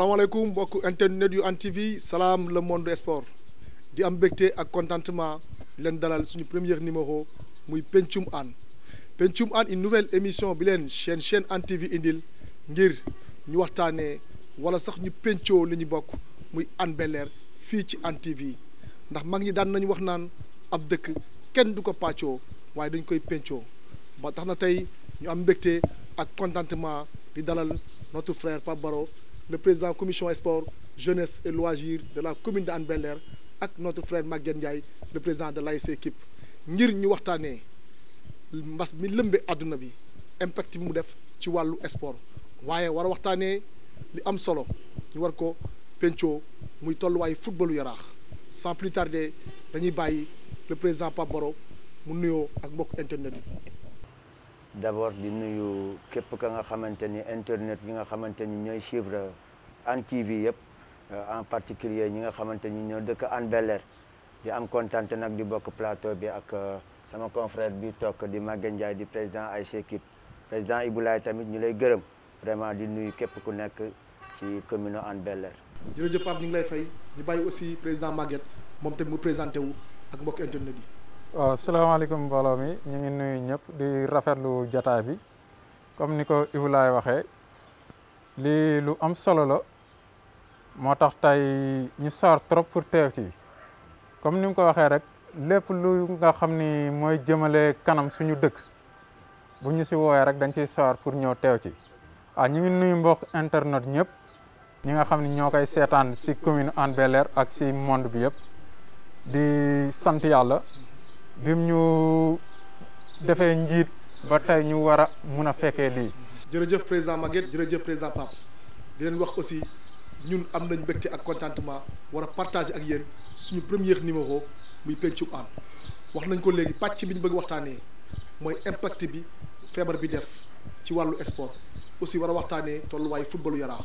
salaamaaleykum mbokk internet le monde sport di am contentement l'endalal dalal suñu premier numéro Mouy Penchum an. Penchum an une nouvelle émission bilen chaîne chaîne indil ngir ñu wala sax ñu le li ñu bokk an Bel-Air ci TV ndax mag ñi koy contentement li notre frère Pabaro le président commission Esport, jeunesse et loisirs de la commune de Hann notre frère Maguette Ndiaye le président de l'ASC équipe ngir ñu waxtaanee mbas mi lëmbe àdduna bi impact bi mu def ci wàllu sport waaye war a li am solo ñu sans plus tarder dañuy bàyyi le président Pape Boro mu nuyoo ak internet d'abord di nuyu képp ka nga xamante ni internet yi nga xamante ni ñooy suivre Hann TV yëpp euh, en particulier ñi nga xamante ni ñoo dëkk en bel di am kontante nag di bokk plateau bi ak euh, sama confrère bi toog di Maguette Ndiaye di président ASC équipe président Iboulaye tamit ñu lay gërëm vraiment di nuyu képp ku nekk ci communo Hann Bel-Air. jërëjëf Pape ñu ngi lay fay ñu bàyyi aussi président Maguette moom tamit mu présenté wu ak mbokk internet yi. waaw salaamaaleykum mbooloo mi ñu ngi nuyu ñëpp di rafetlu jataay bi comme ni ko Ibulaay waxee lu am solo la moo tax tey ñu sawar trop pour teew ci comme ni ko waxee rek lépp lu nga xam ni mooy jëmale kanam suñu dëkk bu ñu si wooyee rek dañ ciy sawar pour ñëw teew ci waaw ñu ngi nuyu mbokk internet ñëpp ñi nga xam ni ñoo koy commune Hann bel ak si monde bi yëpp di sant yàlla bim ñu batai njiit ba tey ñu war a mun a fekkee lii jërëjëf président Maguette jërëjëf président Pape di leen wax aussi ñun am nañ mbégte ak contentement war a partager ak yéen suñu premier numéro muy pencum aan wax nañ ko léegi pàcc bi bëgg waxtaanee mooy impact bi feebar bi def ci walu sport aussi wara a tollu way football yaraax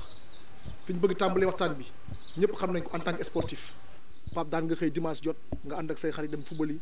fi ñu bëgg tambalé waxtan bi ñëpp xam nañ ko en tant que sportif pap daan nga xey dimanche jot nga and ak say xarit dem football yi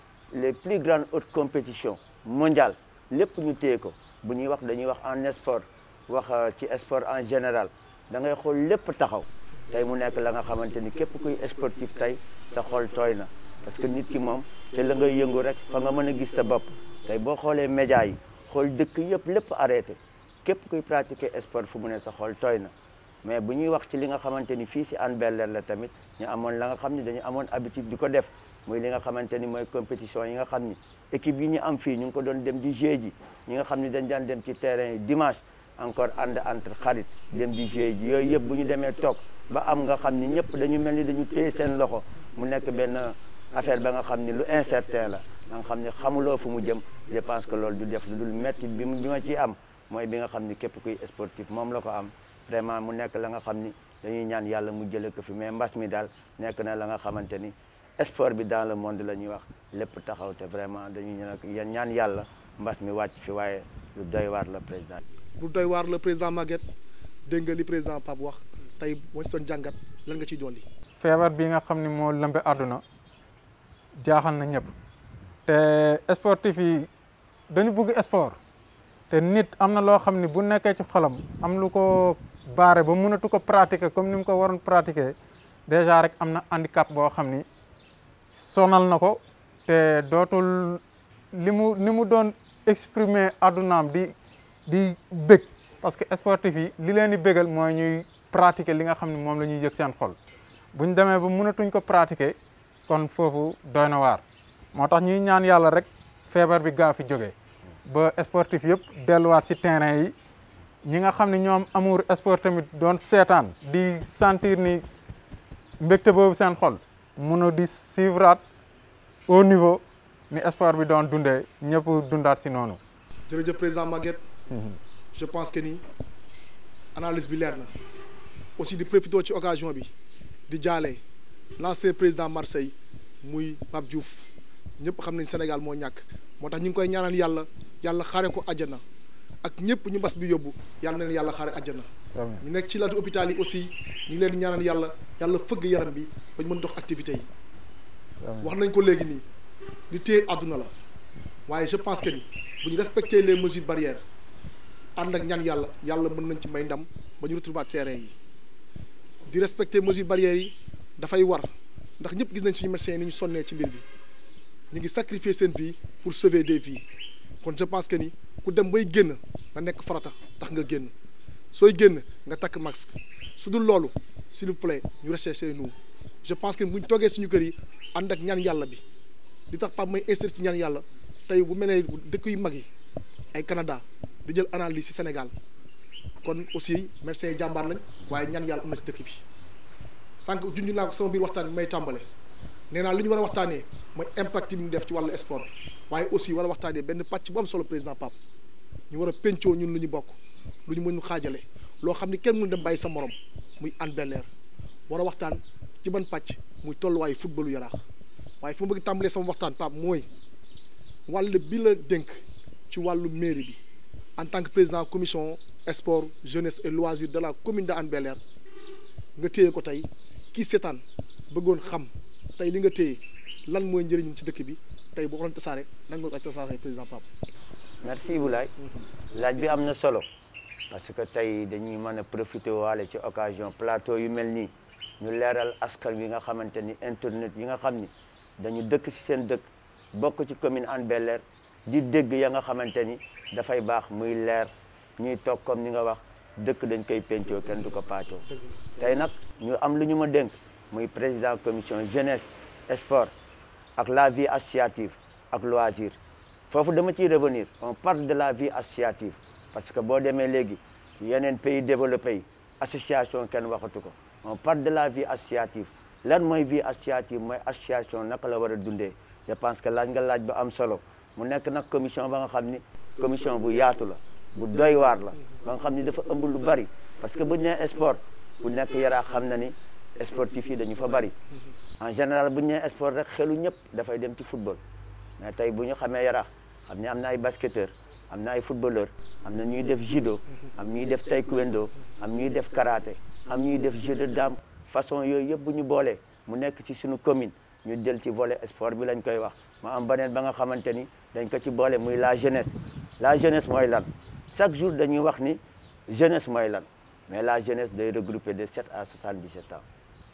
les plus grandes hautes compétition mondiales lépp ñu téye ko bu ñuy wax dañuy wax en sport wax euh, ci sport en général da ngay xool lépp taxaw tey mu nekk la nga xamante ni képp kuy sportif tey sa xol tooy na parce que nit ki moom te la ngay yëngu rek fa nga mën a gis sa bopp tey boo xoolee médias yi xool dëkk yëpp lépp arrêté képp kuy pratiquer sport fu mu ne sa xol tooy na mais bu ñuy wax ci li nga xamante ni fii si Hann bel la tamit ñu amoon la nga xam ne dañu amoon habitude di ko def muy li nga xamante ni mooy compétition yi nga xam ni équipe yi ñu am fii ñu ngi ko doon dem ji jouer ji ñi nga xam ni dañ daan dem ci terrain yi dimanche encore ànd entre xarit dem di jouer ji yooyu yëpp bu ñu demee toog ba am nga xam ni ñëpp dañu mel ni dañu téye seen loxo mu nekk benn affaire ba nga xam ni lu incertain la da nga xam ni xamuloo fu mu jëm je que loolu du def lu dul métti bi bi ma ciy am mooy bi nga xam ni képp kuy sportif moom la ko am vraiment mu nekk la nga xam ni dañuy ñaan yàlla mu jëlee ko fi mais mbas mi daal nekk na la nga xamante ni Esport bi dans le monde lañuy wax lepp taxaw té vraiment dañuy ñaan ñaan yalla mbas mi wacc fi waaye lu doy war le président. lu doy war le président Maguette dégg nga li président pap wax tay waston jangat lan nga ci dolli. feebar bi nga xamni mo lambe aduna jaaxal na ñëpp te sportif yi dañu bëgg sport te nit amna lo xamni bu nekké ci xolam am lu ko baré ba tu ko pratiquer comme nim ko waron pratiquer déjà rek amna handicap bo xamni sonal na ko te dootul li mu ni mu doon exprimer àddunaam di di bëgg parce que sportif yi li leen di bëggal mooy ñuy pratiquer li nga xam ni moom la ñuy yëg seen xol bu ñu demee ba tuñ ko pratiquer kon foofu doy na waar moo tax ñuy ñaan yàlla rek feebar bi gaa fi jógee ba sportif yëpp delluwaat si terrain yi ñi nga xam ni ñoom amour sport tamit doon seetaan di sentir ni mbégte boobu seen xol. mun a di suivraat au niveau ni espoir bi doon dundee ñëpp dundaat si noonu. jërëjëf président Maguette. Mhm. je pense que ni analyse bi leer na aussi di profité ci occasion bi di jaale l'ancien président Marseille muy Pape Diouf ñëpp xam nañ Sénégal moo ñàkk moo tax ñu ngi koy ñaanal yàlla yàlla xaare ko àjjana. ak ñëpp ñu mbas bi yóbbu yàlla na leen yàlla xaare na ñu nekk ci laatu hôpital yi aussi ñu ngi leen ñaanal yàlla yàlla fëgg yaram bi ba ñu mën dox activité yi wax nañ ko léegi nii li téye àdduna la waaye je pense que ni bu ñu respecté les mesures barrières ànd ak ñan yàlla yàlla mën nañ ci may ndam ba ñu retrouver terrain yi di respecté mesures barrières yi dafay war ndax ñëpp gis nañ suñu médecins ni ñu sonnee ci mbir bi ñu ngi sacrifier seen vie pour sauver des vies kon je pense que ni ku dem bay génn na nekk farata tax nga génn sooy génn nga takk masque su dul loolu s'il vous ñu restez chez nous je pense que buñ toogee suñu kër yi ànd ak ñaan yàlla bi li tax Pape may insister ci ñaan yàlla tey bu mel ne dëkk yu mag yi ay Canada di jël analyse ci senegal kon aussi médecins yi jàmbaar lañ waaye ñaan yàlla am na ci dëkk bi sànq junj naa ko sama biir waxtaan bi may tàmbale nee li ñu war a waxtaanee mooy impact bi def ci wàllu sport bi waaye aussi war a waxtaanee benn pàcc bu solo président Pape ñu war a pencoo ñun lu ñu bokk lu ñu mën ñu xaajale loo xam ni kenn mënu dem bàyyi sa moroom muy Hann Bel-Air war a waxtaan ci ban pàcc muy toll tolluwaayu footballu yaraax waaye fu ma bëgg tàmbalee sama waxtaan Pape mooy wàll bi la dénk ci wàllu mairie bi en tant que président commission sport jeunesse et loisirs la commune de Hann nga téye ko tey kii seetaan bëggoon xam. tey li nga téye lan mooy njëriñu ci dëkk bi tey boo ko doon tasaare nan nga ko tasaare merci Iboulaye laaj bi am na solo parce que tey dañuy mën a profiter waale ci occasion plateau yu mel nii ñu leeral askan wi nga xamante ni internet yi nga xam ni dañu dëkk ci seen dëkk bokk ci commune Hann belleer di dégg ya nga xamante ni dafay baax muy leer ñuy toog comme ni nga wax dëkk dañ koy pencoo kenn du ko paacoo tey nag ñu am lu ñu ma dénk Mon président commission jeunesse sport ak la vie associative ak loisir foofu dama ciy revenir on parle de la vie associative parce que boo demee léegi ci yeneen pays développé yi association kenn waxatu ko on parle de la vie associative lan mooy vie associative mooy association naka la war a dundee je pense que laaj nga laaj ba am solo mu nekk nag commission ba nga xam commission bu yaatu la bu doy waar la ba nga xam ni dafa ëmb lu bari parce que bu ñu nee sport bu nekk yaraa xam na ni sportif yi dañu fa bari en général bu né sport rek xélu ñëpp dafay dem ci football mais tay buñu xamé yara yaraax xam ay basketteur amna ay footballeur amna ñuy def judo am ñuy def taekwondo am ñuy def karaté am ñuy def jeu de dames façon yoy yëpp bu ñu mu nekk ci suñu commune ñu jël ci volet sport bi lañ koy wax ma am banen ba nga xamanteni dañ ko ci bolé muy la jeunesse la jeunesse moy lan chaque jour dañuy wax ni jeunesse moy lan mais la jeunesse day regrouper de 7 à 77 ans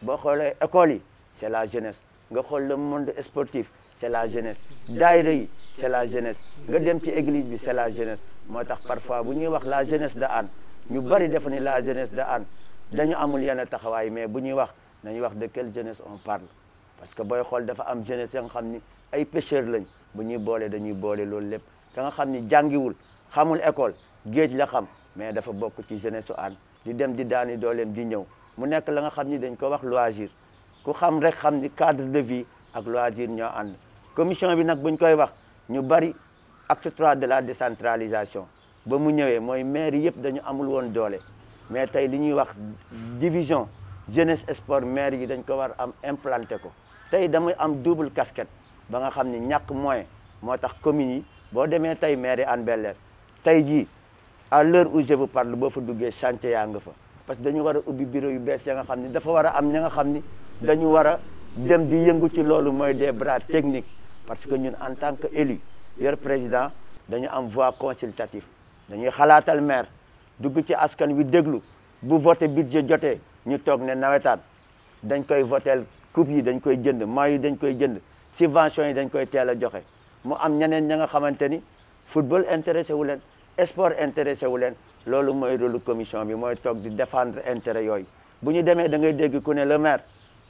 boo xoolee école yi c' est la jeunesse nga xool le monde sportif c' la jeunesse daayira yi c' la jeunesse nga dem ci église bi c' est la jeunesse moo tax parfois bu ñuy wax la jeunesse de Hann ñu bari def ni la jeunesse de Hann dañu amul yenn taxawaay mais bu ñuy wax nañuy wax de quelle jeunesse on parle parce que booy xool dafa am jeunesse ya nga xam ni ay pêcheurs lañ bu ñuy boolee dañuy boole loolu lépp ka nga xam ni jàngiwul xamul école géej la xam mais dafa bokk ci jeunesse su Hann di dem di daani dooleem di ñëw mu nekk la nga xam ni dañ ko wax loisir ku xam rek xam ni cadre de vie ak loisir ñoo ànd commission bi nag buñ koy wax ñu bari acte de la décentralisation ba mu ñëwee mooy maire yëpp dañu amul woon doole mais tey li ñuy wax division jeunesse sport maire yi dañ ko war am implanté ko tey damay am double casquette ba nga xam ni ñàkk moyen moo tax communes yi boo demee tey maire Hann Bel-Air tey jii à l'heure où je vous parle boo fa duggee chantier yaa nga fa parce que dañu war a ubbi biro yu bees ya nga xam ni dafa war am ña nga xam ni dañu war a dem di yëngu ci loolu mooy des bras techniques parce que ñun en tant que élu yor président dañu am voix consultative dañuy xalaatal maire dugg ci askan wi déglu bu voté budget jotee ñu toog ne nawetaan dañ koy votel coupe yi dañ koy jënd maillots yi dañ koy jënd subvention yi dañ koy teel a joxe mu am ñeneen ña nga xamante ni football intéressé wu leen sport intéressé wu leen loolu moy rôle commission bi moy tok di défendre intérêt yoy buñu démé da ngay dégg ku né le maire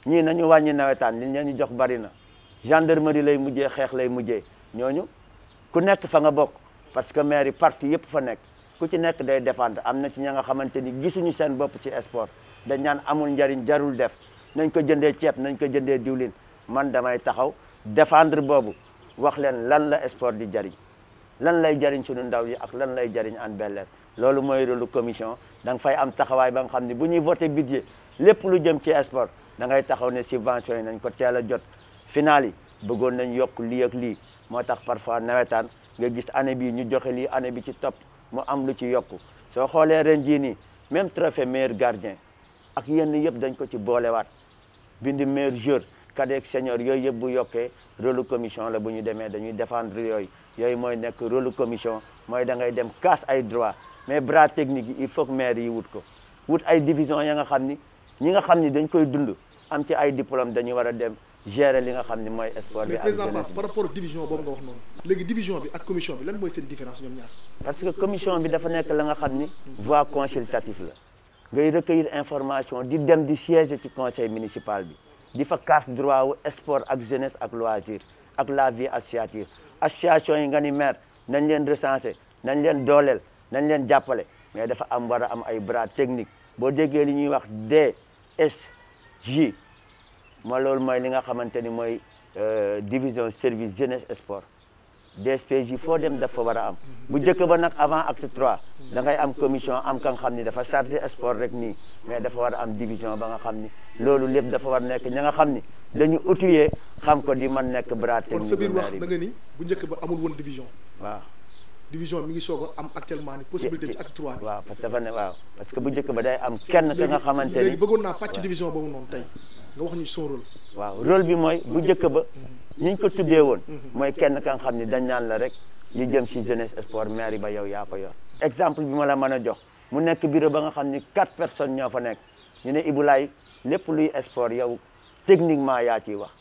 ñi nañu wañi nawétan ñi ñi jox bari na gendarmerie lay mujjé xex lay mujjé ñoñu ku nekk fa nga bok parce que maire parti yépp fa nekk ku ci nekk day défendre amna ci ñinga xamanteni gisunu seen ci sport dañ ñaan amul ndariñ jarul def nañ ko jëndé ciép nañ ko jëndé diwlin man damay taxaw défendre bobu wax len lan la sport di jariñ lan lay jariñ ñu ndaw yi ak lan lay jariñ an loolu mooy rôle commission da fay am taxawaay ba nga xam ne bu ñuy voté budget lépp lu jëm ci sport da ngay taxaw ne subvention yi nañ ko teel a jot final yi bëggoon nañ yokk lii ak lii moo tax parfois nawetaan nga gis année bi ñu joxe lii année bi ci topp mu am lu ci yokku soo xoolee ren jii nii même trophée maire gardien ak yenn yëpp dañ ko ci boolewaat bindi meilleur joueur cadet senior yooyu yëpp bu yokkee rôle commission la bu ñu demee dañuy défendre yooyu yooyu mooy nekk rôle commission mooy da ngay dem casse ay droit mais bras technique il faut que maire yi wut ko wut ay division ya nga xamni ñi nga xamni dañ koy dund am ci ay diplôme dañu wara dem gérer li nga xamni moy mooy sport bi. ak président par rapport division bobu nga wax non léegi division bi ak commission bi lan moy seen différence ñom ñaar. parce que commission bi dafa nek la nga xamni ni. voie consultative la. ngay recueillir information di dem di siéger ci conseil municipal bi di fa casse droit wu sport ak jeunesse ak loisir ak la vie associative association yi nga ni maire nañ leen recenser nañ leen dolel nañ leen jàppale mais dafa am war a am ay bras technique boo déggee li ñuy wax DSJ ma loolu mooy li nga xamante ni mooy euh, division service jeunesse sport DSPJ foo dem dafa war a am bu njëkk ba nag avant acte trois da ngay am commission am ka xam ni dafa chargé sport rek nii mais dafa war a am division ba nga xam ni loolu lépp dafa war nekk ña nga xam ni dañu outillé xam ko di man nekk bras technique kon sa bu njëkk ba amul woon division waaw division mi ngi soog am actuellement ni possibilité ci acte trois bi. waaw parce que que bu njëkk ba day am kenn ki nga xamante ni léegi bëggoon naa pàcc division boobu noonu tey nga wax ñu son rôle. waaw rôle bi mooy bu njëkk ba mm-hmm. ñi ñu ko tuddee woon. Mm-hmm. mooy kenn ka nga xam ne dañ naan la rek ñu jëm ci jeunesse sport mairie ba yow yaa ko yor. exemple bi ma la mën a jox mu nekk bureau ba nga xam ni quatre personnes ñoo fa nekk ñu ne Ibou Laye lépp luy sport yow techniquement yaa ciy wax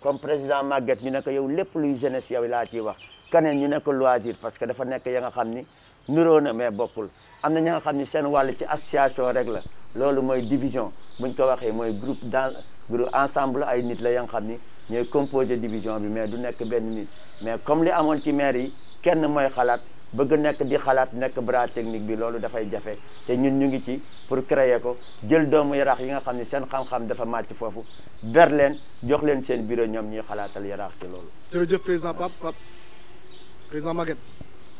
comme président Maguette ñu ne yow lépp luy jeunesse yow laa ciy wax. kaneen ñu nekk loisir parce que dafa nekk ya nga xam ni nuroo na mais bokkul am na ña nga xam ni seen wàll ci association rek la loolu mooy division ñu ko waxee mooy groupe dans groupe ensemble ay nit la ya nga xam ni ñooy composé division bi mais du nekk benn nit mais comme li amoon ci maire yi kenn mooy xalaat bëgg nekk di xalaat nekk bras technique bi loolu dafay jafe te ñun ñu ngi ci pour créer ko jël doomu yaraax yi nga xam ni seen xam-xam dafa foofu ber leen jox leen seen bureau ñoom ñuy xalaatal yaraax ci loolu. président Maguette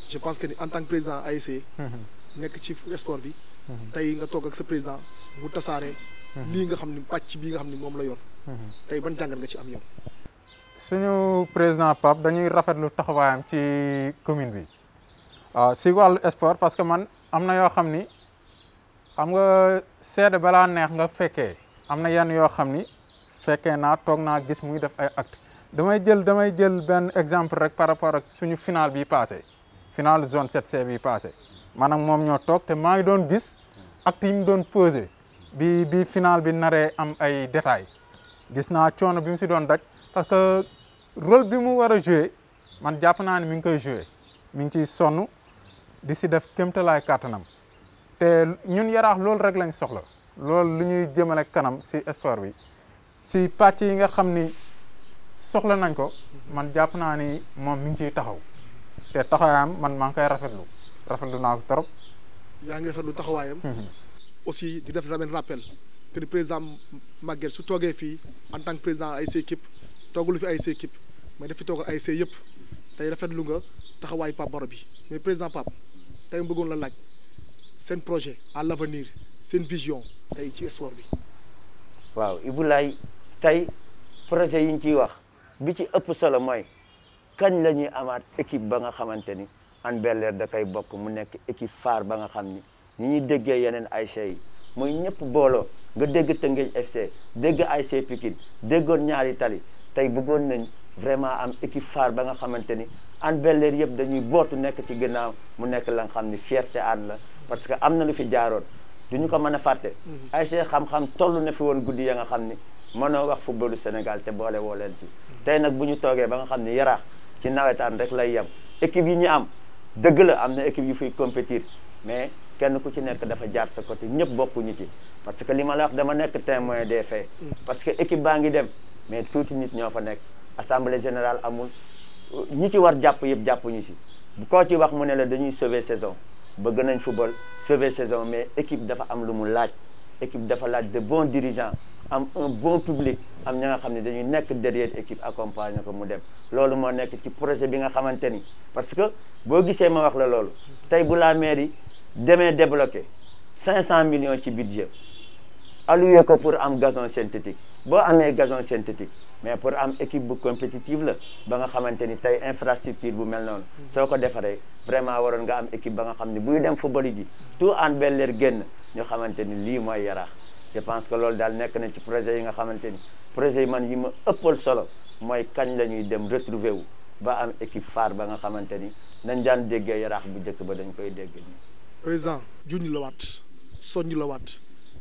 je pense que en tant que président AEC, ASC. nekk ci sport bi. tey nga toog ak ce président mu tasaare. lii nga xam ni pàcc bii nga xam ni moom la yor. tey ban jàngat nga ci am yow. suñu président Pape dañuy rafetlu taxawaayam ci commune bi waaw si wàllu sport parce que man am na yoo xam ni xam nga seede balaa neex nga fekkee am na yenn yoo xam ni fekkee naa toog naa gis muy def ay acte damay jël damay jël benn exemple rek par rapport ak suñu final bi passé final zone 7C bi passé maanaam moom ñoo toog te maa ngi doon gis ak yi mu doon posé bi bi final bi naree am ay détails gis naa coono bi mu si doon daj parce que rôle bi mu war a joué man jàpp naa ne mi ngi koy joué mi ngi ciy sonn di si def kéemtalaay kattanam te ñun yaraax loolu rek lañ soxla loolu lu ñuy jëmale kanam si sport bi si pàcc yi nga xam ni soxla nañ ko man jàpp naa ni moom mi ngi ciy taxaw te taxawaayam man maa ngi koy rafetlu rafetlu naa trop. yaa ngi rafetlu taxawaayam. Mhm. aussi di def tamit rappel que président Maguette su toogee fii en tant que président ay ses équipe lu fi ay ses équipe mais dafi toogal ay ses yëpp tey rafetlu nga taxawaay Pape Baro bi mais président Pape tey mu bëggoon la laaj seen projet à l'avenir seen vision tey ci sport bi. waaw Ibou Laye tey projet yi ñu ciy wax. bi ci ëpp solo mooy kañ la ñuy amaat équipe ba nga xamante ni Hann da koy bokk mu nekk équipe phare ba nga xam ni ñi ñuy déggee yeneen ASC yi mooy ñëpp booloo nga dégg Tëngéej FC dégg ASC Pikine déggoon ñaari tali tey bëggoon nañ vraiment am équipe phare ba nga xamante ni Hann bel yëpp dañuy bootu nekk ci ginnaaw mu nekk la nga xam ni fierté Hann la parce que am na lu fi jaaroon ñu ko mën a fàtte mhm. ay see xam-xam toll na fi woon guddi ya nga xam ni manoo wax footballu Sénégal te boole woo leen ci mhm. tey nag bu ñu toogee ba nga xam ni yaraax ci nawetaan rek lay yem équipe yi ñu am dëgg la am na équipe yu fiy compétir mais kenn ku ci nekk dafa jaar sa côté ñëpp bokkuñu ci parce que li ma la wax dama nekk témoin des faits mhm. parce que équipe baa ngi dem mais tuuti nit ñoo fa nekk assemblée général amul ñi ci war jàpp yëpp jàppuñu si ci wax mu ne la dañuy saison bëgg nañ football sauver saison mais équipe dafa am lu mu laaj équipe dafa laaj de bons dirigeants am un bon public am ña nga xam ne dañuy nekk derrière équipe accompagner ko mu dem loolu moo nekk ci projet bi nga xamante ni parce que boo gisee ma wax la loolu tey bu la mairie demee débloquer 500 millions ci budget alloué ko pour am gazon synthétique boo amee gazon synthétique mais pour am équipe bu compétitive la ba nga xamante ni tey infrastructure bu mel noonu hmm. soo ko defaree vraiment waroon nga am équipe ba nga xam ne buy dem football ji tout en belleer génn ñu xamante ni lii mooy yaraax je pense que loolu daal nekk nañ ci projet yi nga xamante ni projet yi man yi ma ëppal solo mooy kañ la ñuy dem retrouver wu ba am équipe phare ba nga xamante ni nañ daan déggee yaraax bu njëkk ba dañ koy dégg nii président junj la waat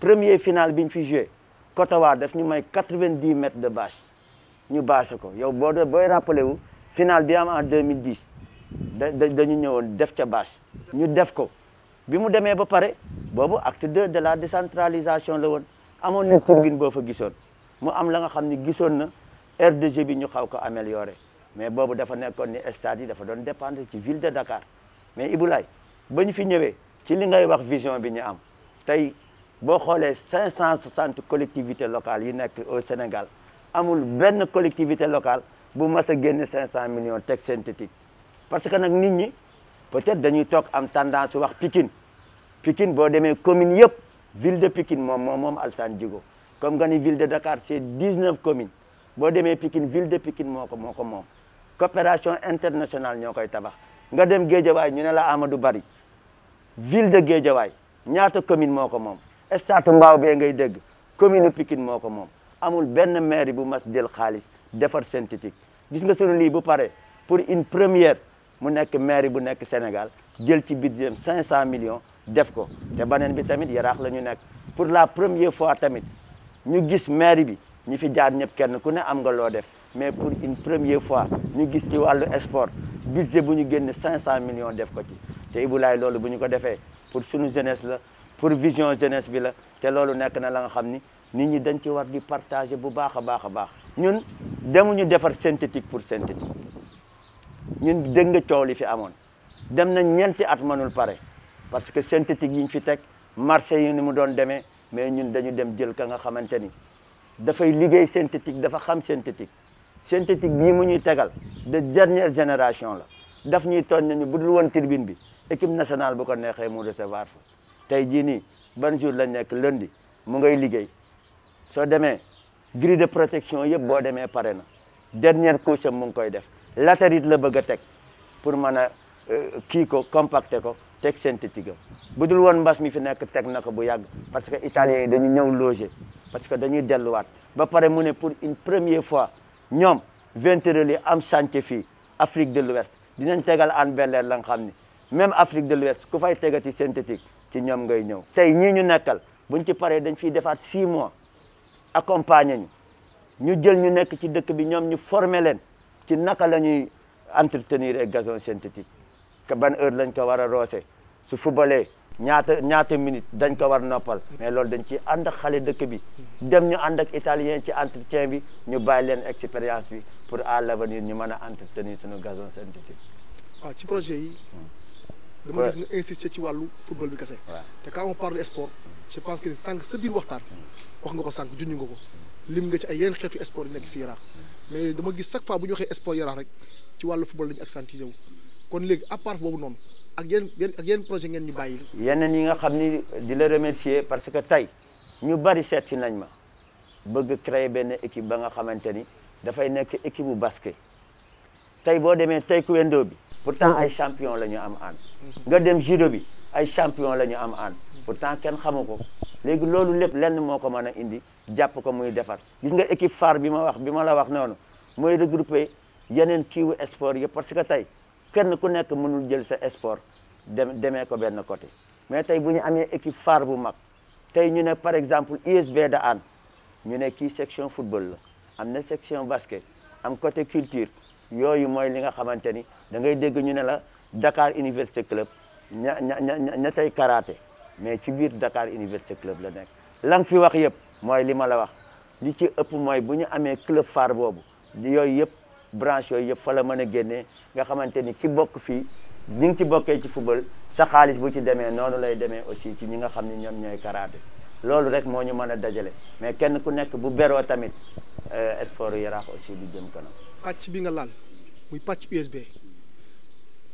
premier final bi ñu fi joué Kotawa daf ñu may quatre-vingt-dix mètres de bâche ñu bâché ko yow boo de booy rappelé wu final bi am en 2010 da dañu ñëwoon def ca bâche ñu def ko bi mu demee ba pare boobu acte 2 de la décentralisation la woon amoon na turbine boo fa gisoon mu am la nga xam ni gisoon na aire de jeu bi ñu xaw ko amélioré mais boobu dafa nekkoon ni stade yi dafa doon dépendre ci ville de Dakar mais Ibou Laye ba ñu fi ñëwee ci li ngay wax vision bi ñu am vous les 560 collectivités locales yi au Sénégal amul benn collectivité locale bu 500 millions de textes synthétique parce que nous, peut-être dañuy nous am tendance wax Pikine Pikine boo demee commune la ville de Pikine c'est moom moom comme la ville de Dakar c'est 19 communes La demee Pikine ville de Pikine moo ko coopération internationale ñoo koy tabax nga dem Guédiawaay ñu la Amadou Bari ville de Guédiawaay ñaata commune stade mbaaw bee ngay dégg commune Pikine moo ko moom amul benn mairie bu mas jël xaalis defar synthétique gis nga sunu lii bu pare pour une première mu nekk mairie bu nekk Sénégal jël ci cinq cent million def ko te baneen bi tamit yaraax la ñu nekk pour la première fois tamit ñu gis mairie bi ñu fi jaar ñëpp kenn ku ne am nga loo def mais pour une première fois ñu gis ci wàllu sport budget bu ñu génn cent million def ko ci te Ibou Laye loolu bu ñu ko defee pour sunu jeunesse la pour vision jeunesse bi la té lolu nek na la nga xamni nit ñi dañ ci war di partager bu baaxa baaxa baax ñun demu ñu défar synthétique pour synthétique ñun dégg nga fi amone dem na ñenti at manul pare parce que synthétique yi ñu fi tek marché yi ni mu doon démé mais ñun dañu dem jël ka nga xamanteni da fay liggéey synthétique fa xam synthétique synthétique bi mu ñuy tégal de dernière génération la daf ñuy togn ñu bu dul woon tribune bi équipe nationale bu ko nexé mu recevoir tey jii nii ban jour lañ nekk lundi mu ngay liggéey soo demee grille de protection yëpp boo demee pare na dernière couche am mu ngi koy def latérite la bëgg a teg pour mën a euh, kii ko compacter ko teg synthétique am bu dul woon mbas mi fi nekk teg na ko bu yàgg parce que italiens yi dañu ñëw loger parce que dañuy delluwaat ba pare mu ne pour une premier fois ñoom ventérel yi am chantier fii Afrique de l'Ouest dinañ tegal an belleer la nga xam ni même Afrique de l'Ouest ku fay tegati synthétique ci ñoom ngay ñew tay ñi ñu nekkal buñ ci paré dañ fiy defaat 6 mois accompagner ñu ñu jël ñu nekk ci dëkk bi ñom ñu former leen ci naka lañuy entretenir ak gazon synthétique que ban heure lañ ko wara a su fubalee ñaata ñaata minute dañ ko war noppal mais lool dañ ci and ak xalé dëkk bi dem ñu and ak italien ci entretien bi ñu bàyyi leen expérience bi pour à l'avenir ñu mën entretenir suñu gazon synthétique ah ci projet yi hmm. dama gis nga insister ci wàllu football bi kese. te quand on parle de sport je pense que ni sànq sa biir waxtaan. wax nga ko sànq junj nga ko. lim nga ci ay yenn xeetu sport yi nekk fii yaraax mais dama gis chaque fois bu ñu waxee sport yaraax rek ci wàllu football lañu accentué wu kon léegi à part boobu noonu ak yenn yenn ak yenn projet ngeen ñu bàyyi. yeneen yi nga xam ni di la remercier parce que tey ñu bari seet si nañ ma bëgg créer benn équipe ba nga xamante ni dafay nekk équipe bu basket tey boo demee tey taekwondo bi. pourtant ay champion la ñu am ànd. nga dem judo bi ay champion la ñu am aan pourtant kenn xamu ko léegi loolu lépp lenn moo ko mën a indi jàpp ko muy defar gis nga équipe far bi ma wax bi ma la wax noonu mooy regroupé yeneen kiiwu sport yëpp parce que tey kenn ku nekk mënul jël sa sport dem demee ko benn côté mais tey bu ñu amee équipe far bu mag tey ñu ne par exemple USB de Hann ñu ne kii section football la am na section basket am côté culture yooyu mooy li nga xamante ni da ngay dégg ñu ne la Dakar Université Club ña ña ña tey karaté mais ci biir Dakar Université Club la nekk lan fi wax yëpp mooy li ma la wax ni ci ëpp mooy bu ñu amee club phare boobu yooyu yëpp branche yooyu yëpp fa la mën a génnee nga xamante ni ki bokk fii ñi ngi ci bokkee ci football sa xaalis bu ci demee noonu lay demee aussi ci ñi nga xam ne ñoom ñooy karaté loolu rek moo ñu mën a dajale mais kenn ku nekk bu beroo tamit euh, sport yaraax aussi du jëm kanam. pàcc bi nga laal muy pàcc USB.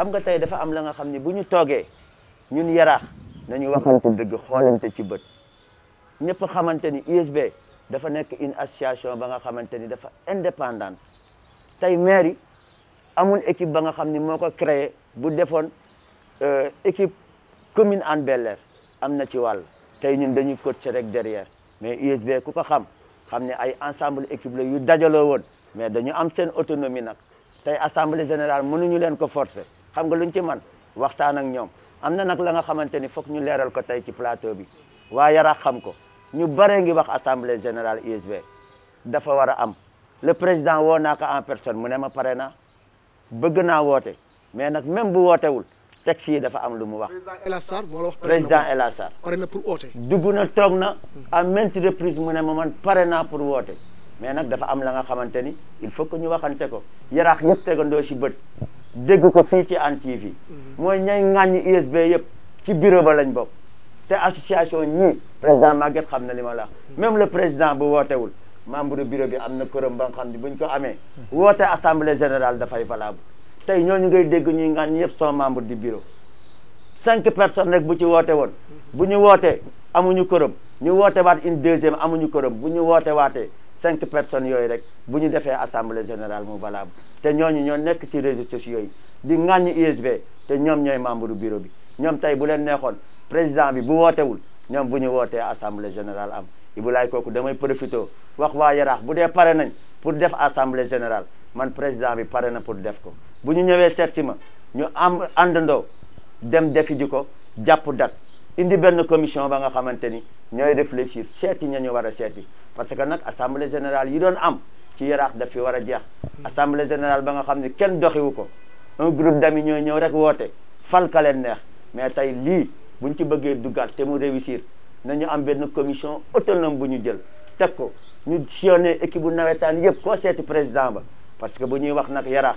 xam nga tey dafa am la nga xam ne bu ñu toogee ñun yaraax nañu waxante dëgg xoolante ci bët ñëpp xamante ni USB dafa nekk une association ba nga xamante ni dafa indépendante tey mairie amul équipe ba nga xam ni moo ko créé bu defoon euh, équipe commune Hann Bel-Air am na ci wàll tey ñun dañuy coacher rek derrière mais USB ku ko xam xam ne ay ensemble équipe la yu dajaloo woon mais dañu am seen autonomie nag tey assemblée générale mënuñu leen ko forcer xam nga luñ ci man waxtaan ak ñoom am na nag la nga xamante ni foog ñu leeral ko tey ci plateau bi waa Yaraax xam ko ñu bare ngi wax assemblée générale USB dafa war a am le président woo naa ko en personne mu ne ma pare na bëgg naa woote mais nag même bu wootewul texte yi dafa am lu mu wax. président El Hadj Sarr moo wax. président El Hadj Sarr pare na pour woote. dugg na toog na à maintes reprises mu ne ma man pare na pour woote mais nag dafa am la nga xamante ni il faut que ñu waxante ko Yaraax ñëpp tegandoo si bët. dégg ko fii ci Hann TV mhm. mooy ñay ŋàññi USB yëpp ci bureau ba lañ bopp te association ñii président Maguette xam na li ma la mhm. même le président bu wootewul membre bureau bi am na këram ba nga xam ne buñ ko amee woote assemblée générale dafay valable tey ñooñu ngay dégg ñuy ŋàññi yëpp sont membre du bureau cinq personnes rek bu ci woote woon mhm. bu ñu wootee amuñu këram ñu woote waat une deuxième amuñu këram bu ñu woote waatee cinq personnes yooyu rek bu ñu defee assemblée général mu valable te ñooñu ñoo nekk ci réseaux sociaux yi di ŋàññi USB te ñoom ñooy membre du bureau bi ñoom tey bu leen neexoon président bi bu wootewul ñoom bu ñu wootee assemblée générale am Ibulaay ku damay profité wax waa yaraax bu dee pare nañ pour def assemblée général man président bi pare na pour def ko bu ñu ñëwee seet ma ñu am àndandoo dem defi ji ko jàpp dat indi benn commission ba nga xamante ni ñooy réfléchir seeti ña ñu war a seeti parce que nag assemblée général yi doon am ci yaraax daf fi war a jeex assemblée général ba nga xam ni kenn doxiwu ko un groupe d'amis ñooy ñëw rek woote fal ka neex mais tey lii buñ ci bëggee duggaat te mu réussir nañu am benn commission autonome bu ñu jël teg ko ñu sillonné équipe bu nawetaan yëpp koo seeti président ba parce que bu ñuy wax nag yaraax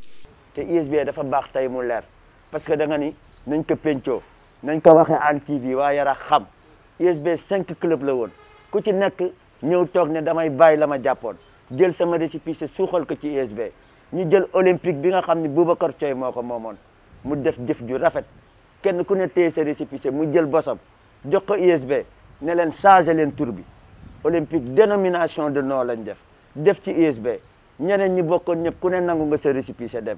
te USHB dafa baax tey mu leer parce que da nga ni nañ ko pencoo nañ ko waxee Hann TV waa Yarax xam USHB cinq club la woon ku ci nekk ñëw toog ne damay bàyyi la ma jàppoon jël sama récépissé suuxal ko ci USHB ñu jël olympique bi nga xam ne Boubacar Coy moo ko moomoon mu def jëf ju rafet kenn ku ne téye sa récépissé mu jël bosam jox ko USHB ne leen changé leen tur bi olympique dénomination de nom lañ def def ci USHB ñeneen ñi bokkoon ñëpp ku ne nangu nga sa récépissé dem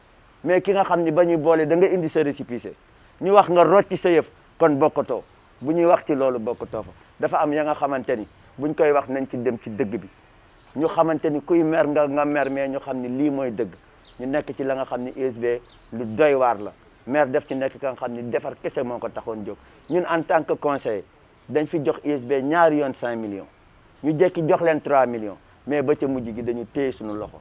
mais ki nga xam ni ba ñuy boole da nga indi sa récépissé ñu wax nga rotti sa yëf kon bokkatoo bu ñuy wax ci loolu bokkatoo fa dafa am ya nga xamante ni buñ koy wax nañ ci dem ci dëgg bi ñu xamante ni kuy mer nga nga mer mais ñu xam ni lii mooy dëgg ñu nekk ci la nga xam ni USB lu doy waar la mer def ci nekk ka nga xam ni defar kese moo ko taxoon jóg ñun en tant que conseil dañ fi jox USB ñaari yoon 5 million ñu jekki jox leen million millions mais ba ca mujj gi dañu téye suñu loxo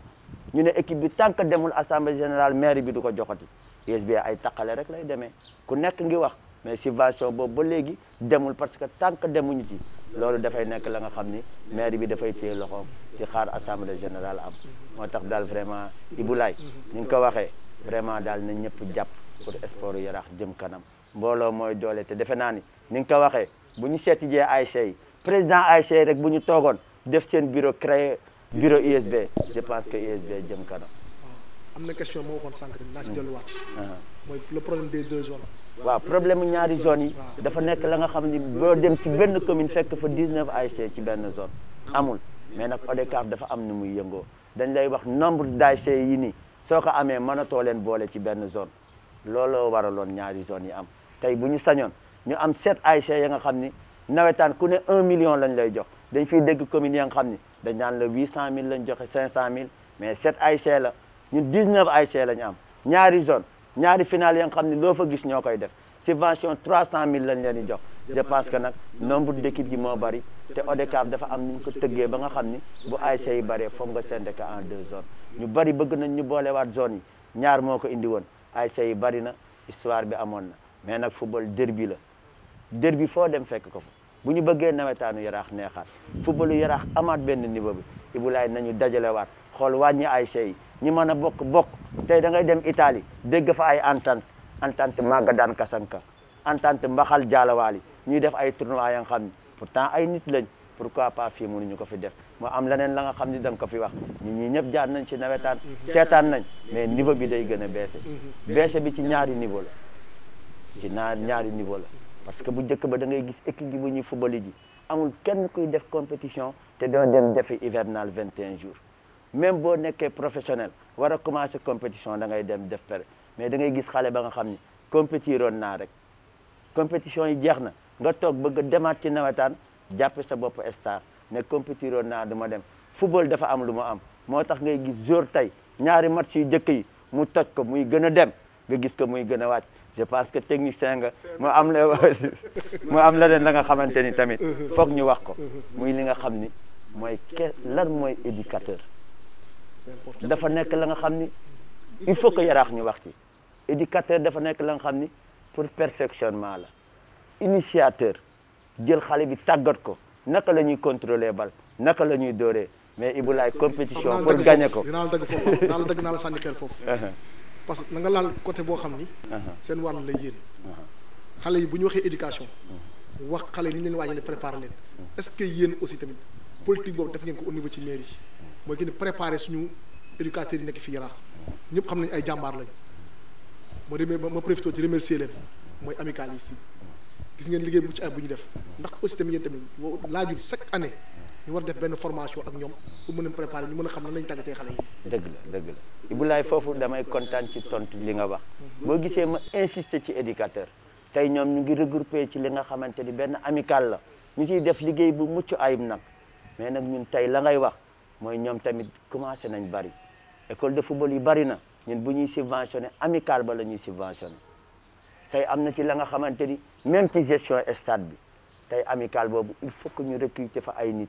ñu ne équipe bi tant que demul assemblée général mairie bi du ko joxati USHB ay taqale rek lay demee ku nekk ngi wax mais subvention boobu ba léegi demul parce que tant que demuñu ci loolu dafay nekk la nga xam ni mairie bi dafay téye loxoom ci xaar assemblée général am moo tax daal vraiment Ibou Laye ni nga ko waxee vraiment daal na ñëpp jàpp pour sport yaraax jëm kanam mbooloo mooy doole te defe naa ni ni nga ko waxee bu ñu seeti jee ASC yi président ASC yi rek bu ñu toogoon def seen bureau créé bureau USB je pense que USB jëm kanam. Ah, am na question moo waxoon sànq naa ci hmm. delluwaat. Uh-huh. mooy le problème des deux waaw problème ñaari zones yi. Ah. dafa nekk la nga xam ni boo dem ci benn commune fekk fa 19 ASC ci benn zone. Ah. amul mais nag ODCAV dafa am nu muy yëngoo dañ lay wax nombre d'ASC yi nii soo ko amee mënatoo leen boole ci benn zone looloo waraloon ñaari zones yi am tey bu ñu sañoon ñu am 7 ASC ya nga xam ni nawetaan ku ne un million lañ lay jox dañ fiy dégg communes ya nga xam ni. dañ naan la 800000 lañ joxe 500000 mais 7 ASC la ñun 19 ASC la ñu am ñaari zone ñaari finale ya xam ne loo fa gis ñoo koy def subvention 300000 lañ leen di jox. je pense que nag nombre d' équipe yi moo bëri te ODCAV dafa am nu ñu ko tëggee ba nga xam ni bu ASC yi bëree foog nga syndicat en deux zones ñu bari bëgg nañ ñu boolewaat zone yi ñaar moo ko indi woon ASC yi bëri na histoire bi amoon na mais nag football derby la derby foo dem fekk ko bu ñu bëggee nawetaanu yaraax neexaat footballu yaraax amaat benn niveau bi ibulaay nañu dajalewaat xool wàññi ay sey ñi mën a bokk bokk tey da ngay dem Italie dégg fa ay entente entente Maga daan Kasanka entente Mbaxal Jaalawaali ñuy def ay tournois ya nga xam ni pourtant ay nit lañ pourquoi pas fii mënuñu ko fi def moo am leneen la nga xam ni da nga ko fi wax ñun ñii ñëpp jaar nañ ci nawetaan seetaan nañ mais niveau bi day gën a baissé mhm. baissé bi ci ñaari niveau la ci naa ñaari niveau la parce que bu njëkk ba da ngay gis équipe bi bu ñuy football ji amul kenn kuy def compétition te doo dem defi hivernal 21 jours même boo nekkee professionnel war a commencer compétition da ngay dem def pare mais da ngay gis xale ba nga xam ni compétiroon naa rek compétition yi jeex na nga toog bëgg a demaat ci nawetaan jàppe sa bopp star ne compétiroon naa du dem football dafa am lu mu am moo tax ngay gis jour tey ñaari match yu njëkk yi mu toj ko muy gën a dem nga gis ko muy gën a wàcc je pense que technicien nga mu am la mu am la leen la nga xamante ni tamit foog ñu wax ko muy li nga xam ni mooy ke lan mooy éducateur dafa nekk la nga xam ni il faut que yaraax ñu wax ci éducateur dafa nekk la nga xam ni pour perfectionnement la initiateur jël xale bi tàggat ko naka la ñuy contrôler bal naka la ñuy dooree mais Ibou Laye compétition pour gagner ko la dëgg foofu dinaa la foofu uh-huh. parce que nga laal côté bo xamni sen uh-huh. seen la yeen uh-huh. xale yi bu ñu éducation. Uh-huh. wax xale ni ñu leen waajal ne préparer leen. est-ce que yeen aussi tamit politique boobu def ngeen ko au niveau ci mairie moy mooy gën préparer suñu éducateurs yi nekk fi yara ñëpp xamnañ ay jambar lañ ma demee ma profité ci remercier leen moy amical ici gis ngeen liggéey bu ci ay bu def ndax aussi tamit yéen tamit laajul chaque année. ñu war benn formation ak ñoom pour mën a préparer ñu xam nan lañ tàggatee xale yi. dëgg la dëgg la Ibulaay foofu damay kontaan ci tontu li nga wax. Mhm. boo gisee ma insister ci éducateur. tey ñoom ñu ngi regroupé ci li nga xamante ni benn amical la ñu ciy def liggéey bu mucc ayib nag mais nag ñun tey la ngay wax mooy ñoom tamit commencé nañ bari école de football yi bari na ñun bu ñuy subventionné amical ba la ñuy subventionné tey am na ci la nga xamante ni même ci gestion stade bi tey amical boobu il faut que ñu recruter fa ay nit.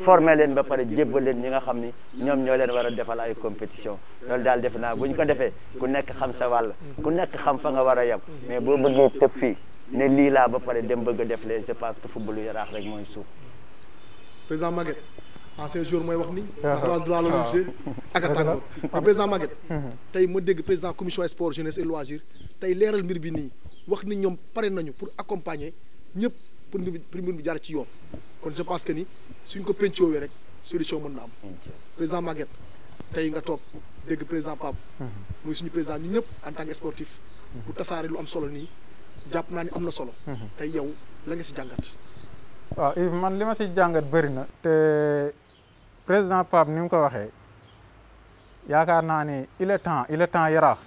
formé leen ba pare jébbal leen ñi nga xam ni ñoom ñoo leen war a defal ay compétition loolu daal defe naa bu ñu ko defee ku nekk xam sa wàll ku nekk xam fa nga war a yem mais boo bëggee tëb fii ne lii laa ba pare dem bëgg a def les je pense que footballu yaraax rek mooy suuf président Maguette ancien joueur mooy wax ni laal ah. droit la doon jouer ak ah. attaque mais ah. président Maguette tey ma dégg président commission sport jeunesse et loisirs tey leeral mbir bi nii wax ni ñoom pare nañu pour accompagner pour mbir pour mbir mi jaar ci yoon kon je pense que ni suñ ko pencoowee rek solution mën na am président Maguette tey nga toog dégg président Pape muy suñu président ñu ñëpp en tant que sportif bu tasaare lu am solo nii jàpp naa ni am na solo tey yow la nga si jàngat waaw Yves man li ma si jàngat bëri na te président Pape ni mu ko waxee yaakaar naa ni il est temps il est temps yaraax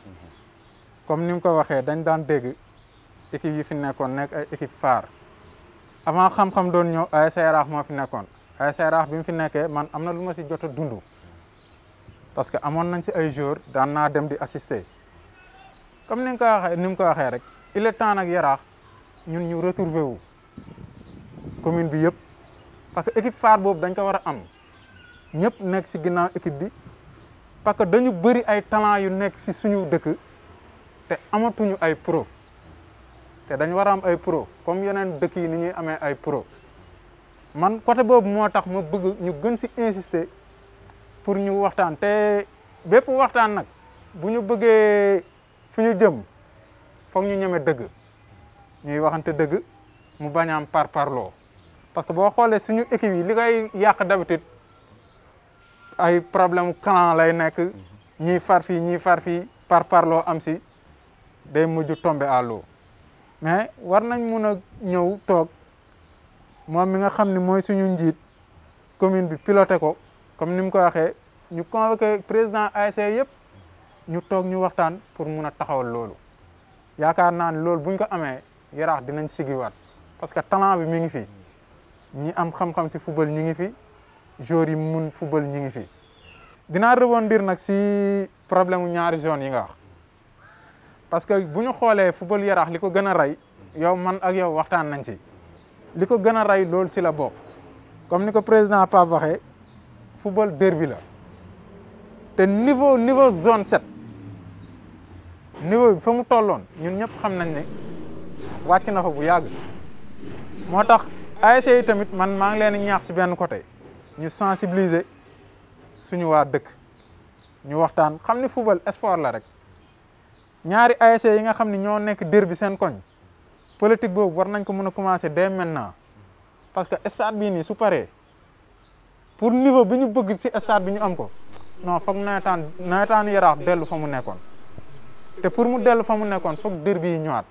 comme ni mu ko waxee dañ daan dégg équipe yi fi nekkoon nekk ay équipe phare avant xam-xam doon ñëw ASC Yaraax moo fi nekkon ASC Yaraax bi fi nekké man amna luma ci jotta dundu parce que amon nañ ci ay jour da na dem di assister comme ni nga ko waxee ni ko waxe rek il est temps nak yarax ñun ñu retrouver wu commune bi yépp parce que équipe phare bobu dañ ko wara am ñëpp nek ci ginnaaw équipe bi parce que dañu bëri ay talent yu nek ci suñu dëkk té amatuñu ay pro té dañ wara am ay pro comme yenen dëkk yi ni ñi amé ay pro man côté bob mo tax ma bëgg ñu gën ci insister pour ñu waxtaan té bép waxtaan nak bu ñu bëggee ñu jëm fokk ñu ñëmé dëgg ñuy waxanté dëgg mu baña am par parlo parce que bo xolé suñu équipe yi ligay yaq d'habitude ay problème clan lay nekk mm-hmm. ñi far fi ñi far fi par parlo am ci day muju tomber à l'eau né war nañ mëna ñëw tok mo mi nga xamni moy suñu njit commune bi piloté ko comme nim ko waxé ñu convoqué président ASC yépp ñu tok ñu waxtaan pour mëna a taxawal loolu yaakaar naan ne loolu buñ ko amé yaraax dinañ sigi wat parce que talent bi mi ngi fi ñi am xam-xam ci football ñi ngi fi joori mun football ñi ngi fi dina rebondir nak ci problème ñaari zone yi nga wax parce que bu ñu xoolee football yaraax li ko gën a rey yow man ak yow waxtaan nañ si li ko gën a rey loolu si la bokk comme ni ko président Pape waxee football derby la te niveau niveau zone sept niveau bi mu tolloon ñun ñëpp xam nañ ne wàcc na fa bu yàgg moo tax ASC yi tamit man maa ngi leen di ñaax si benn côté ñu sensibiliser suñu waa dëkk ñu waxtaan xam ni football sport la rek ñaari ASC yi nga xam ne ñoo nekk dër bi seen koñ politique boobu war nañ ko mën a commencer dès maintenant parce que stade bii nii su paree pour niveau bi ñu bëgg si stade bi ñu am ko non foog nawetaan nawetaan yaraax dellu fa mu nekkoon te pour mu dellu fa mu nekkoon foog dër bi ñëwaat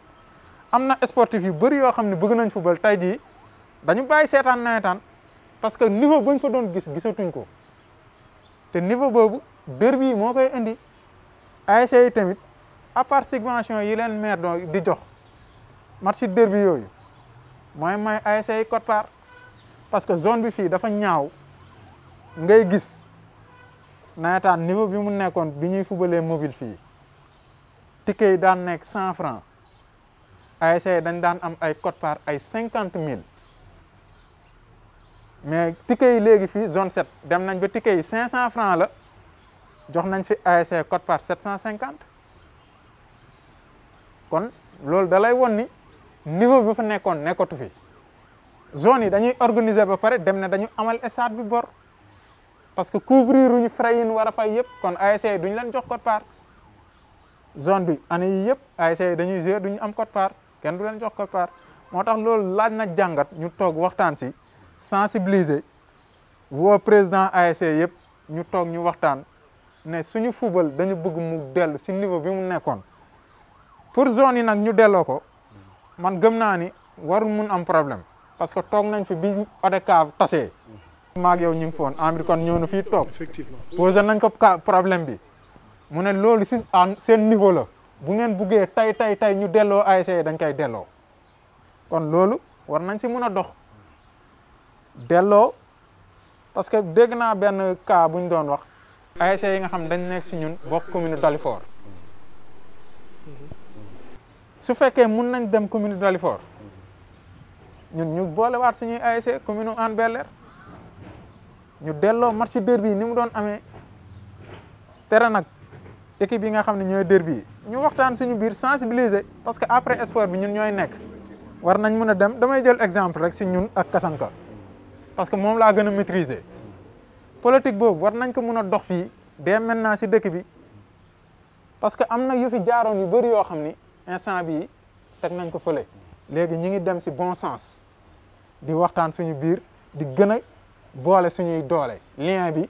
am na sportif yu bëri yoo xam ne bëgg nañ football tey jii dañu bàyyi seetaan nawetaan parce que niveau bañ ko doon gis gisatuñ ko te niveau boobu dër bii moo koy indi ASC yi tamit. à part subvention yi leen maire do di jox match derby yooyu mooy may ASC yi parce que zone bi fii dafa ñaaw ngay gis nawetaan niveau bi mu nekkoon bi ñuy fubalee mobile fii ticket daan nekk cent franc ASC yi dañ daan am ay quote-part ay cinquante mille mais ticket yi léegi fii zone sept dem nañ ba ticket cinq cent franc la jox nañ fi ASC quote-part sept cent cinquante kon loolu dalay lay ni niveau bi fa nekkoon nekkatu fi zone yi dañuy organiser ba pare dem ne dañu amal stade bi bor parce que couvrir uñu frais yi war a fay yëpp kon ASC yi duñu leen jox quote par zone bi année yi yëpp ASC yi dañuy jouer duñu am quote-part kenn du leen jox quote-part moo tax loolu laaj na jàngat ñu toog waxtaan si sensibiliser woo président ASC yëpp ñu toog ñu waxtaan ne suñu football dañu bëgg mu dellu si niveau bi mu nekkoon pour zone yi nag ñu delloo ko man gëm naa ni warul mun am problème parce que toog nañ fi bi ODCAV tasee maag yow ñu ngi foon Amir kon ñëw na fi toog effectivement posé nañ ko kaa problème bi mu ne loolu si à seen niveau la bu ngeen buggee tey tey tey ñu delloo ASC dañ koy delloo kon loolu war nañ si mun a dox delloo parce que dégg naa benn cas bu ñu doon wax ASC yi nga xam dañ nekk si ñun bokk commune Dalifort mm-hmm. su fekke mën nañ dem commune de Dalifort ñun ñu waat suñu ASC commune en beller ñu dello marché derby ni mu doon amé terrain nag équipe bi nga xam ñoy derby ñu waxtaan suñu biir sensibiliser parce que après espoir bi ñun ñoy nekk war nañ mëna dem damay jël exemple rek ci ñun ak Kasanka parce que mom la gëna maîtriser politique bobu war nañ ko mëna dox fi dé maintenant ci dëkk bi parce que amna yu fi jaaroon yu bëri yo xamni instant bi tek nañ ko feulé légui ñi ngi dem si bon sens di waxtaan suñu biir di gëna boole suñuy doole lien bi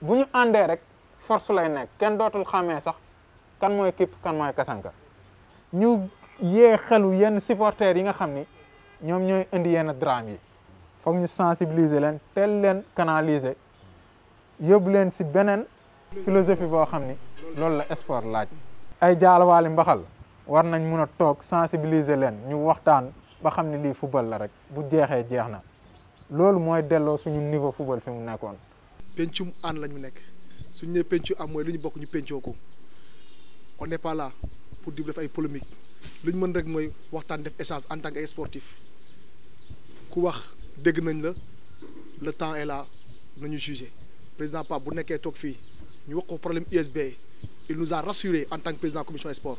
bu ñu àndee rek force lay nekk kenn dotul xamé sax kan moy équipe kan moy kasanka ñu yee xalu yenn supporters yi nga xamni ñom ñoy indi yenn drame yi fokk ñu sensibiliser leen tel leen canaliser yóbbu leen si benen philosophie bo xamni ni la sport laaj ay jaalawaali mbaxal war nañ mun a toog sensibiliser leen ñu waxtaan ba xam ne lii football la rek bu jeexee jeex na loolu mooy delloo suñu niveau football fi mu nekkoon. pencum aan lañu nekk suñu ne pencu am mooy li ñu bokk ñu pencoo ko on est pas là pour di def ay polémique li ñu mën rek mooy waxtaan def essence en tant que sportif ku wax dégg nañ la le temps est là nañu juger président Pape bu nekkee toog fii ñu wax ko problème USB il nous a rassuré en tant que président commission sport.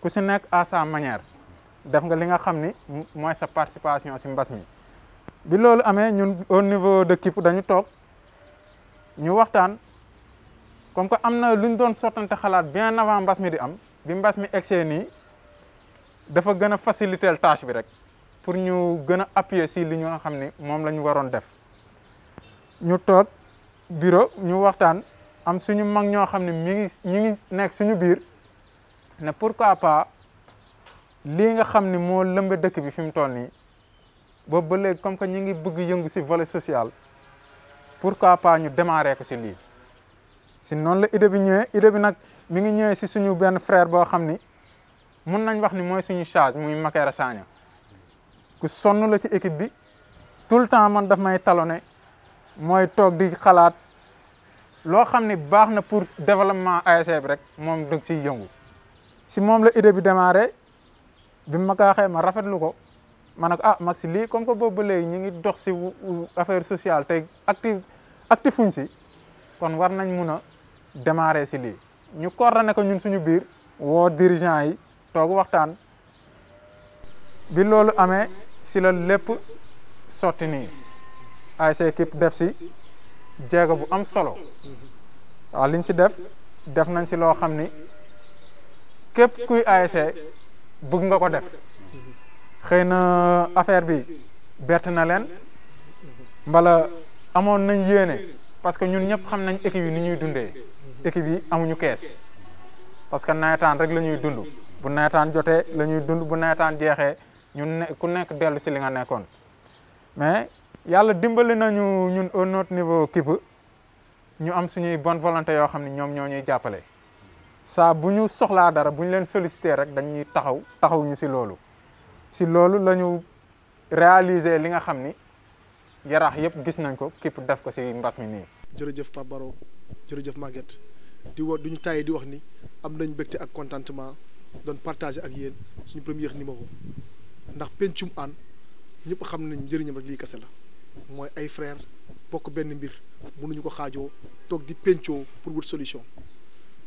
ku ci nek à sa manière def nga li nga xamni moy sa participation ci mbass mi bi loolu amé ñun au niveau de KIP dañu toog ñu waxtaan comme ko amna luñ doon sotante xalaat bien avant mbass mi di am bi mbass mi exé ni dafa gëna faciliter tâche bi rek pour ñu gëna a appuyer si li ñu xamni mom lañu waron def ñu toog bureau ñu waxtaan am suñu mag ñoo xamni mi ngi ñi ngi bir. suñu biir ne pourquoi pas lii nga xam ni moo lëmbe dëkk bi fi mu toll nii boobu ba léegi comme que ñu ngi bëgg yëngu si vole social pourquoi pas ñu démarrer ko si lii si noon la idée bi ñëwee idée bi nag mi ngi ñëwee si suñu benn frère boo xam ni mun nañ wax ni mooy suñu charge muy Makera Sagna ku sonn la ci équipe bi tout le temps man daf may talone mooy toog di xalaat loo xam ni baax na pour développement ASC e bi rek moom dëgg siy yëngu si moom la idée bi démarré bi ma kaa xee ma rafetlu ko ma ne ko ah Max lii comme que boobu ba léegi ñu ngi dox si affaire sociale te active active fuñ si kon war nañ mun a démarré si lii ñu coordonné ko ñun suñu biir woo dirigeant yi toog waxtaan bi loolu amee si la lépp sotti nii ay sa équipe def si jéego bu am solo waaw liñ si def def nañ si loo xam ni képp kuy ASC bëgg nga ko def xëy na affaire bi bett na leen mbala amoon nañ yéene parce que ñun ñëpp xam nañ équipe yi ni ñuy dundee équipe yi amuñu kees parce que nawetaan rek la ñuy dund bu nawetaan jotee lañuy dund bu nawetaan jeexee ñun ne ku nekk dellu si li nga nekkoon mais yàlla dimbali nañu ñun au notre niveau kipp ñu am suñuy bonne volonté yoo xam ne ñoom ñoo ñuy jàppale. sa buñu soxla dara buñ leen solliciter rek dañuy taxaw taxaw ñu si loolu ci loolu lañu réaliser li nga xam ni yaraax yëpp gis nañ ko képp def ko si mbas mi nii. jërëjëf pa Baro jërëjëf Maguette di wo duñu tàyyi di wax ni am nañ mbégte ak contentement doon partager ak yéen suñu premier numéro ndax pencum an ñëpp xam nañ njëriñam rek lii kese la mooy ay frère bokk benn mbir mënuñu ko xaajoo toog di pencoo pour wut solution.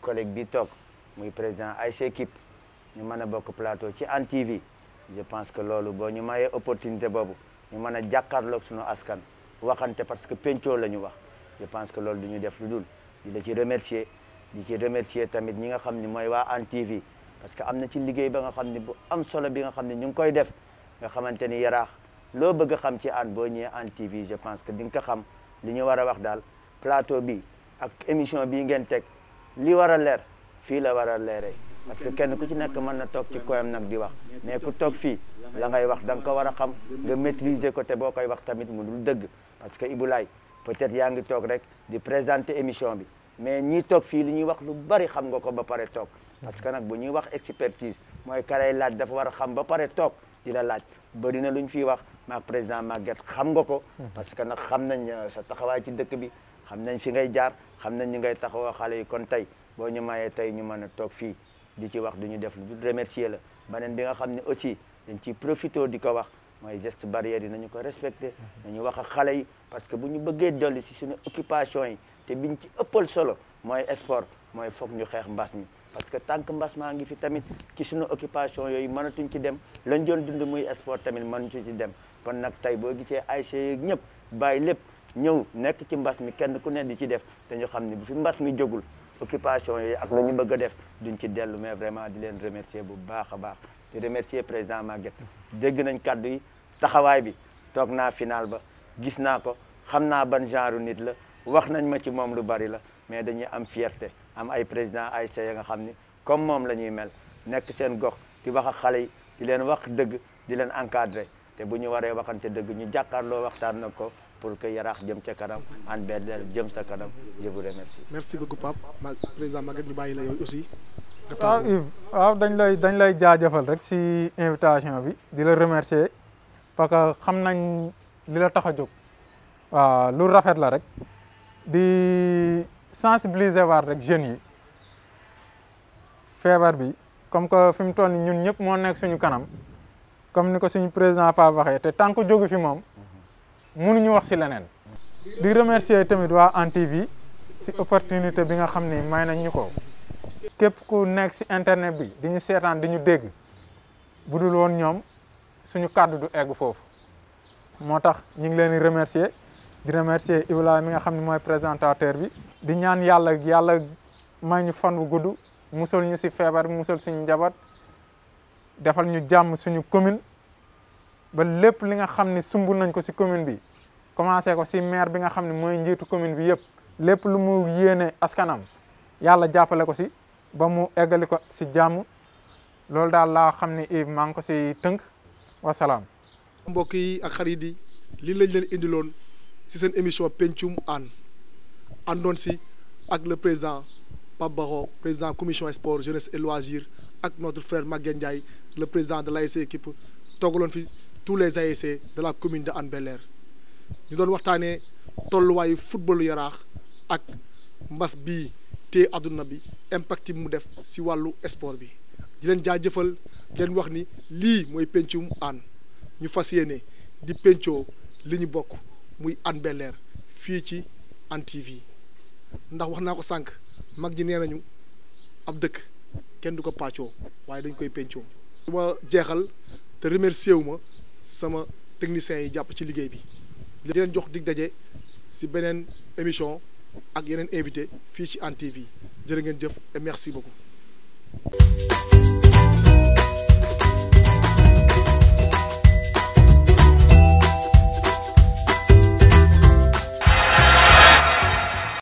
collègue Bitok, toog président ay sa équipe ñu mën beaucoup bokk plateau ci Antv, je pense que lolu bo ñu mayee opportunité bobu ñu mëna a jàkkaarloog suñu askan waxante parce que pencho lañu wax je pense que lolu du def luddul il di la ci remercier di ci remercier tamit ñi nga xam ni Antv, parce que amna ci liggéey ba nga xamni bu am solo bi nga xamni ñu koy def nga xamanteni ni lo bëgg xam ci bo antv je pense que diñ ko xam li ñu wara wax dal plateau bi ak émission bi ngeen tek li war a leer fii la war a leere parce que kenn ku ci nekk mën na toog ci koyam nag di wax mais ku toog fii la ngay wax da nga ko war a xam nga maîtriser ko te boo koy wax tamit mu dul dëgg parce que Ibou Laye peut-être yaa ngi toog rek di présenter émission bi mais ñii toog fii li ñuy wax lu bari xam nga ko ba pare toog parce que nag bu ñuy wax expertise mooy karay laaj dafa war a xam ba pare toog di la laaj bari na lu ñu fiy wax maag président Maguette xam nga ko parce que nag xam nañ euh, sa taxawaay ci dëkk bi xam nañ fi ngay jaar xam nañ ñu ngay taxawoo xale yi kon tey boo ñu mayee tey ñu mën a toog fii di ci wax du ñu def lu remercier la beneen bi nga xam ne aussi dañ ciy profité di ko wax mooy geste barrière yi nañu ko respecté nañu wax ak xale yi parce que bu ñu bëggee dolli si suñu occupation yi te biñ ci ëppal solo mooy sport mooy foog ñu xeex mbas mi parce que tant mbas maa ngi fi tamit ci suñu occupation yooyu mënatuñ ci dem lañ doon dund muy sport tamit mënatuñ ci dem kon nag tey boo gisee ay yeeg ñëpp bàyyi lépp ñëw nekk ci mbas mi kenn ku ne di ci def dañu xam ne bu fi mbas mi jogul occupation yooyu ak la ñu bëgg a def duñ ci dellu mais vraiment di leen remercier bu baax a baax di remercier président Maguette dëgg nañ kàddu yi taxawaay bi toog naa final ba gis naa ko xam naa ban genre nit la wax nañ ma ci moom lu bari la mais dañuy am fierté am ay président ay ya nga xam ni comme moom la ñuy mel nekk seen gox di wax ak xale yi di leen wax dëgg di leen encadré te bu ñu waree waxante dëgg ñu jàkkaarloo waxtaan na ko pour que yarax jëm ci kanam an bédel jëm sa kanam je vous remercie. merci beaucoup Pape président magat ñu bayila yow aussi. ah Yves waaw dañ lay dañ lay jaajeufal rek ci invitation bi di la remercier parce que xam nañ li la tax jog wa lu rafet la rek di sensibiliser war rek jeune yi fièvre bi comme que fim mu toll ñun ñep mo nek suñu kanam comme ni ko suñu président pa waxé té tanku que fi mom mënuñu wax ci leneen di remercier tamit wa Hann TV si opportunité bi nga xam may nañ ñuko képp ku nekk ci internet bi diñu ñu diñu dégg budul won ñom suñu kàddu du egg fofu motax ñi ngi leen di remercier di remercier ibla mi nga xam moy présentateur bi di ñaan yàlla yalla may ñu fan bu gudd musul ñu ci feebar musul suñu njaboot defal ñu jamm suñu commune ba lépp li nga xam nañ ko si commune bi commencé ko si maire bi nga xam mooy commune bi yëpp lépp lu mu yéene askanam yàlla ko ba mu Yves yi ak xarit lañ leen émission le président Pape Baro président commission sport jeunesse et loisirs ak notre frère le président de l'ASC équipe fi. tout les ASC de la commune de Hann bel ñu doon waxtaanee tolluwaayu footballu yaraax ak mbas bii te àdduna bi impact bi mu def si wàllu sport bi di leen jaajëfal jëfal leen wax ni lii mooy pencum Hann ñu fas yéene di pencoo li ñu bokk muy Hann bel fii ci Hann TV ndax wax naa ko sànq mag ñi nee nañu ab dëkk kenn du ko pàccoo waaye dañ koy pencoo. ma jeexal te remercier wu ma. sama techniciens yi jàpp ci liggéey bi di leen jox dig daje si beneen émission ak yeneen invité fii ci Hann yi jërë ngeen jëf et merci beaucoup